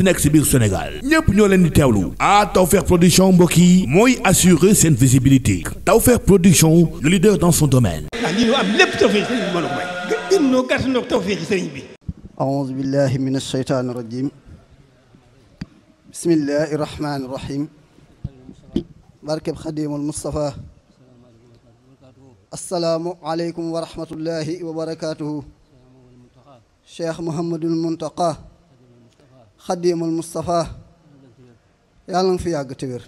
munti nekk si biir Sénégal ñépp ñoo leen di teewlu ah Tawfekh production mbokk yi mooy assurer seen visibilité Tawfekh production le leader dans son domaine ah lii am lépp Tawfekh sëriñ bi mën a may gën noo gàtt noo Tawfekh sëriñ bi aouzu billahi min ashaytaani rajim bismillahi rahmaani rahim barkeb xadimul Mustafa asalaamu aleykum wa rahmatullahi wa barakatuhu cheikh Mouhamadul Muntaqa xaddiimul Moustapha yàlla nga fi yàgg te wér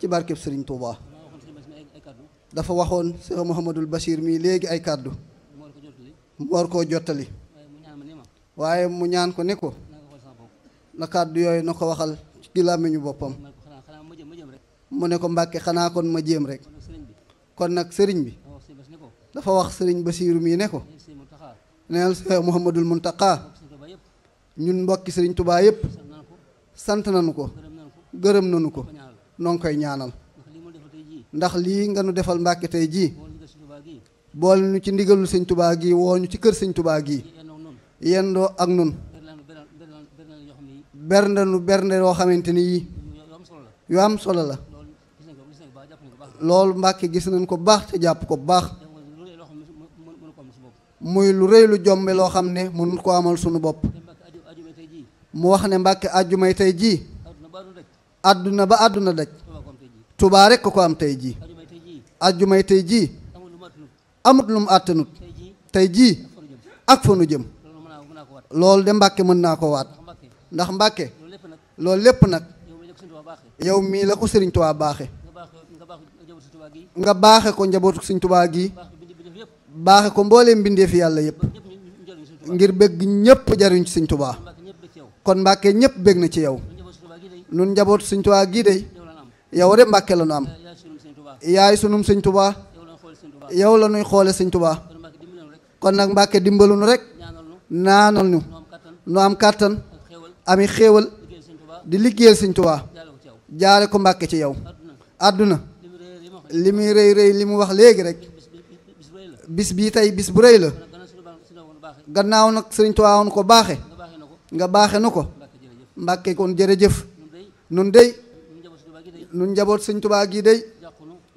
ci barkeb Serigne Touba dafa waxoon Cheikh Mouhamadul Bachir mii léegi ay kàddu mu war koo jottali waaye mu ñaan ko ne ko na kàddu yooyu na ko waxal ci làmmiñu boppam mu ne ko mbàkke xanaa kon ma jéem rek kon nag sëriñ bi dafa wax sëriñ Basiiru mii ne ko neel Cheikh Mouhamadul Mountakha ñun mbokki sëriñ tubaa yëpp sant nañu ko gërëm nañu ko noo ngi koy ñaanal ndax lii nga nu defal mbàkke tey jii boole nu ci ndigalul sëñ tubaa gii woo ñu ci kër sëñ tubaa gii yendoo ak nun bernde nu bernde yoo xamante ni yii yu am solo la loolu mbàkke gis nañ ko baax te jàpp ko baax muy lu rëy lu jombe loo xam ne mënut ko amal sunu bopp mu wax ne mbàkke àjjumay tey jii àdduna ba àdduna daj tubaa rekk ko am tey jii àjjumay tey jii amut lu àttanut tey jii ak fa nu jëm loolu de mbàkke mën naa ko waat ndax mbàkke loolu lépp nag yow mii la ko sëriñ tubaa baaxe nga baaxe ko njabootu sëriñ tubaa gii baaxe ko mbooleem mbindeefi yàlla yépp ngir bëgg ñépp jariñ ci sëriñ tubaa kon Mbàkke ñëpp bég na ci yow nun njaboot Sëñ Tuubaa gii de yow de Mbàkke la nu am yaay sunum Sëñ Tuubaa yow la nuy xoole Sëñ Tuubaa kon nag Mbàkke dimbalu nu rek naanal nu nu am kàttan ami xéewal di liggéeyal Sëñ Tuubaa jaare ko Mbàkke ci yow àdduna li muy rëy rëy li mu wax léegi rek bis bii tey bis bu rëy la gannaaw nag Sëñ Tuubaa woon ko baaxe nga baaxe nu ko mbàkke kon jërëjëf nun dey nun njaboot sëñ tubaa gi dey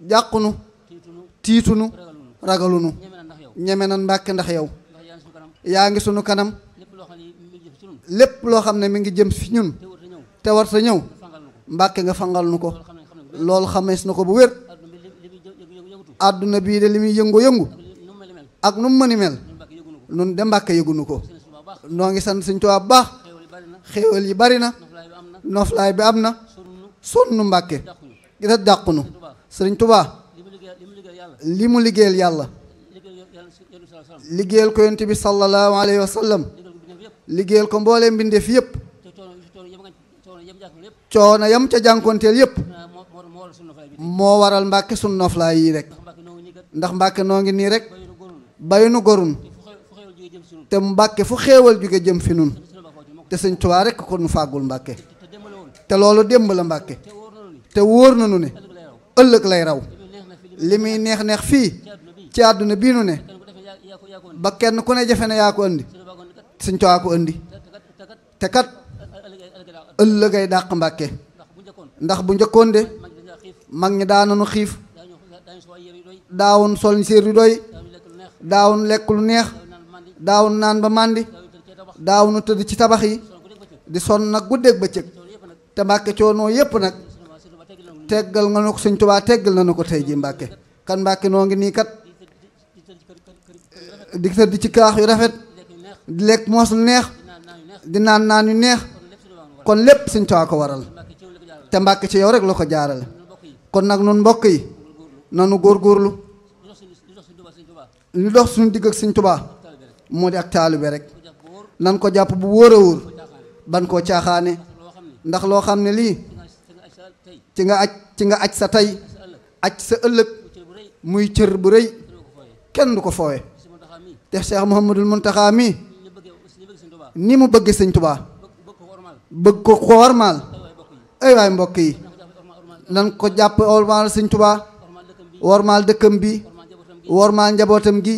jàqunu tiitunu ragalunu ñeme nan mbàkke ndax yow yaa ngi sunu kanam lépp loo xam ne mi ngi jëm fi ñun te war sa ñëw mbàkke nga fangal nu ko loolu xamees na ko bu wér àdduna bii de li muy yëngu yëngu ak nu mu mën a mel nun de mbàkke yëgunu ko noo ngi sant sëñ Tuubaa bu baax xéewal yi bari na noflaay bi am na sonn mbàkke gita dàqunu sëriñ Tuubaa li mu liggéeyal yàlla liggéeyal ko yonent bi sallallahu alayhi wa liggéeyal ko mboolee mbindeef yépp coono yam ca jànkoonteel yépp moo waral mbàkke sun noflaay yi rek ndax mbàkke noo ngi nii rek bayunu gorun te mbàkke fu xéewal jóge jëm fi nun te sëñ Tuubaa rekk ko nu fàggul mbàkke te loolu démb la mbàkke te wóor nañu ne ëllëg lay raw li muy neex neex fii ci àdduna bii nu ne ba kenn ku ne jafe ne yaa ko indi sëñ Tuubaa ko indi te kat ëllëg ay dàq mbàkke ndax bu njëkkoon de mag ñi daa nañu xiif daawun sol sër yu doy daawun lekk lu neex daaw naan ba màndi daaw tëdd ci tabax yi di sonn nag guddeeg bëccëg te mbàkke coono yépp nag teggal nga nu ko sëñ tubaa teggal nanu ko tey ji mbàkke kan mbàkke noo ngi nii kat di tëdd ci kaax yu rafet di lekk moos lu neex di naan naan yu neex kon lépp sëñ tubaa ko waral te mbàkke ci yow rek la ko jaarale kon nag nun mbokk yi nanu góor góorlu lu dox suñu digg ak sëñ tubaa moo de ak taalibe rek nan ko jàpp bu wóor ban koo caaxaane ndax loo xam ne lii ci nga aj ci nga aj sa tey aj sa ëllëg muy cër bu rëy kenn du ko foowe te Cheikh Mouhamadul Muntaxa mi ni mu bëgge sëñ Tubaa bëgg ko ko warmaal ay waay mbokk yi nan ko jàpp warmaal sëñ Tubaa warmaal dëkkam bi warmaal njabootam gi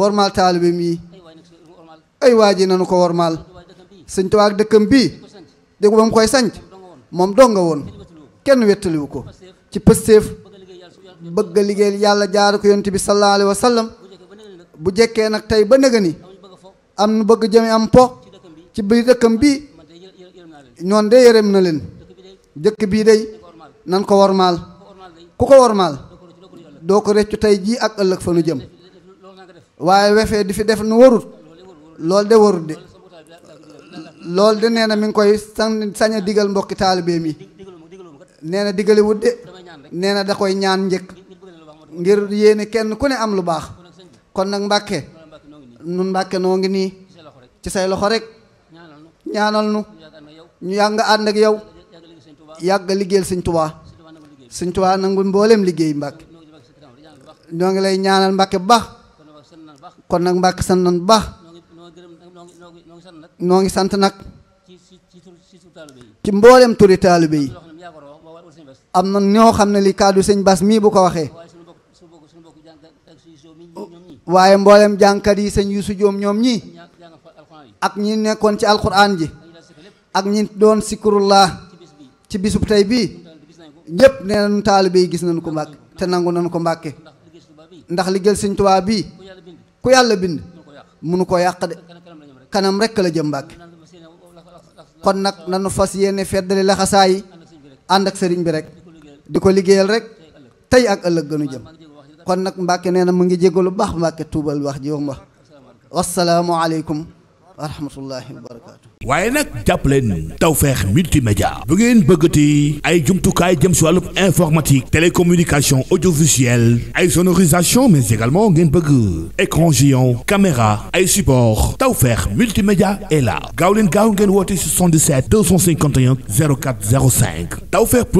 warmaal taalibeem yi ay waa ji nanu ko wormaal sëñ Tuubaa ak dëkkam bii dégg ba mu koy sanc moom dong nga woon kenn wettaliwu ko ci pëstéef bëgg a yàlla jaar ko yonent bi sallallahu alayhi wa bu jekkee nag tey ba nëga ni am nu bëgg jëme am po ci biir dëkkam bii ñoon de yërëm na leen dëkk bii day nan ko wormaal ku ko wormaal doo ko reccu tey jii ak ëllëg fa nu jëm waaye wefee di fi def nu warut loolu de warul de loolu de nee na mi ngi koy sañ sañ a digal mbokki taalibeem yi nee na digale wut de nee na da koy ñaan njëkk ngir yéene kenn ku ne am lu baax kon nag mbàkke nun mbàkke noo ngi nii ci say loxo rek ñaanal nu ñu yàgg nga yow yàgg liggéeyal sëñ tubaa sëñ tubaa nangul mbooleem lay ñaanal mbàkke bu baax kon nag mbàkke san nan bu baax noo ngi sant nag ci mboolem turi taalibe yi am na ñoo xam ne li kàddu sëñ Bass mii bu ko waxee waaye mbooleem jàngkat yi sañ Yuusu Joom ñoom ñii ak ñi nekkoon ci alquran ji ak ñi doon sikkurullah ci bisub tey bii ñëpp nee nañu taalibe yi gis nañu ko mbàkke te nangu nañu ko mbàkke ndax liggéeyal sëñ Tuubaa bii ku yàlla bind mënu ko yàq de kanam rekk la jëm Mbàkke kon nag nanu fas yéene feddali laxasaay ànd ak sëriñ bi rek di ko liggéeyal rek tey ak ëllëg gënu jëm kon nag Mbàkke nee na mu ngi jégalu baax Mbàkke tuubal wax ji wax wassalaamu aleykum wa rahmatullahi wa barakaatu waaye nag jàppaleen Tawfekh multimédia bu ngeen bëggati ay jumtukaay jëm si wàllu informatique télécommunication audiovisuelle ay sonorisation mais également ngeen bëgg écran géant caméra ay support Tawfekh multimédia est la gaaw leen gaaw ngeen woote 77 251 04 05 Tawfekh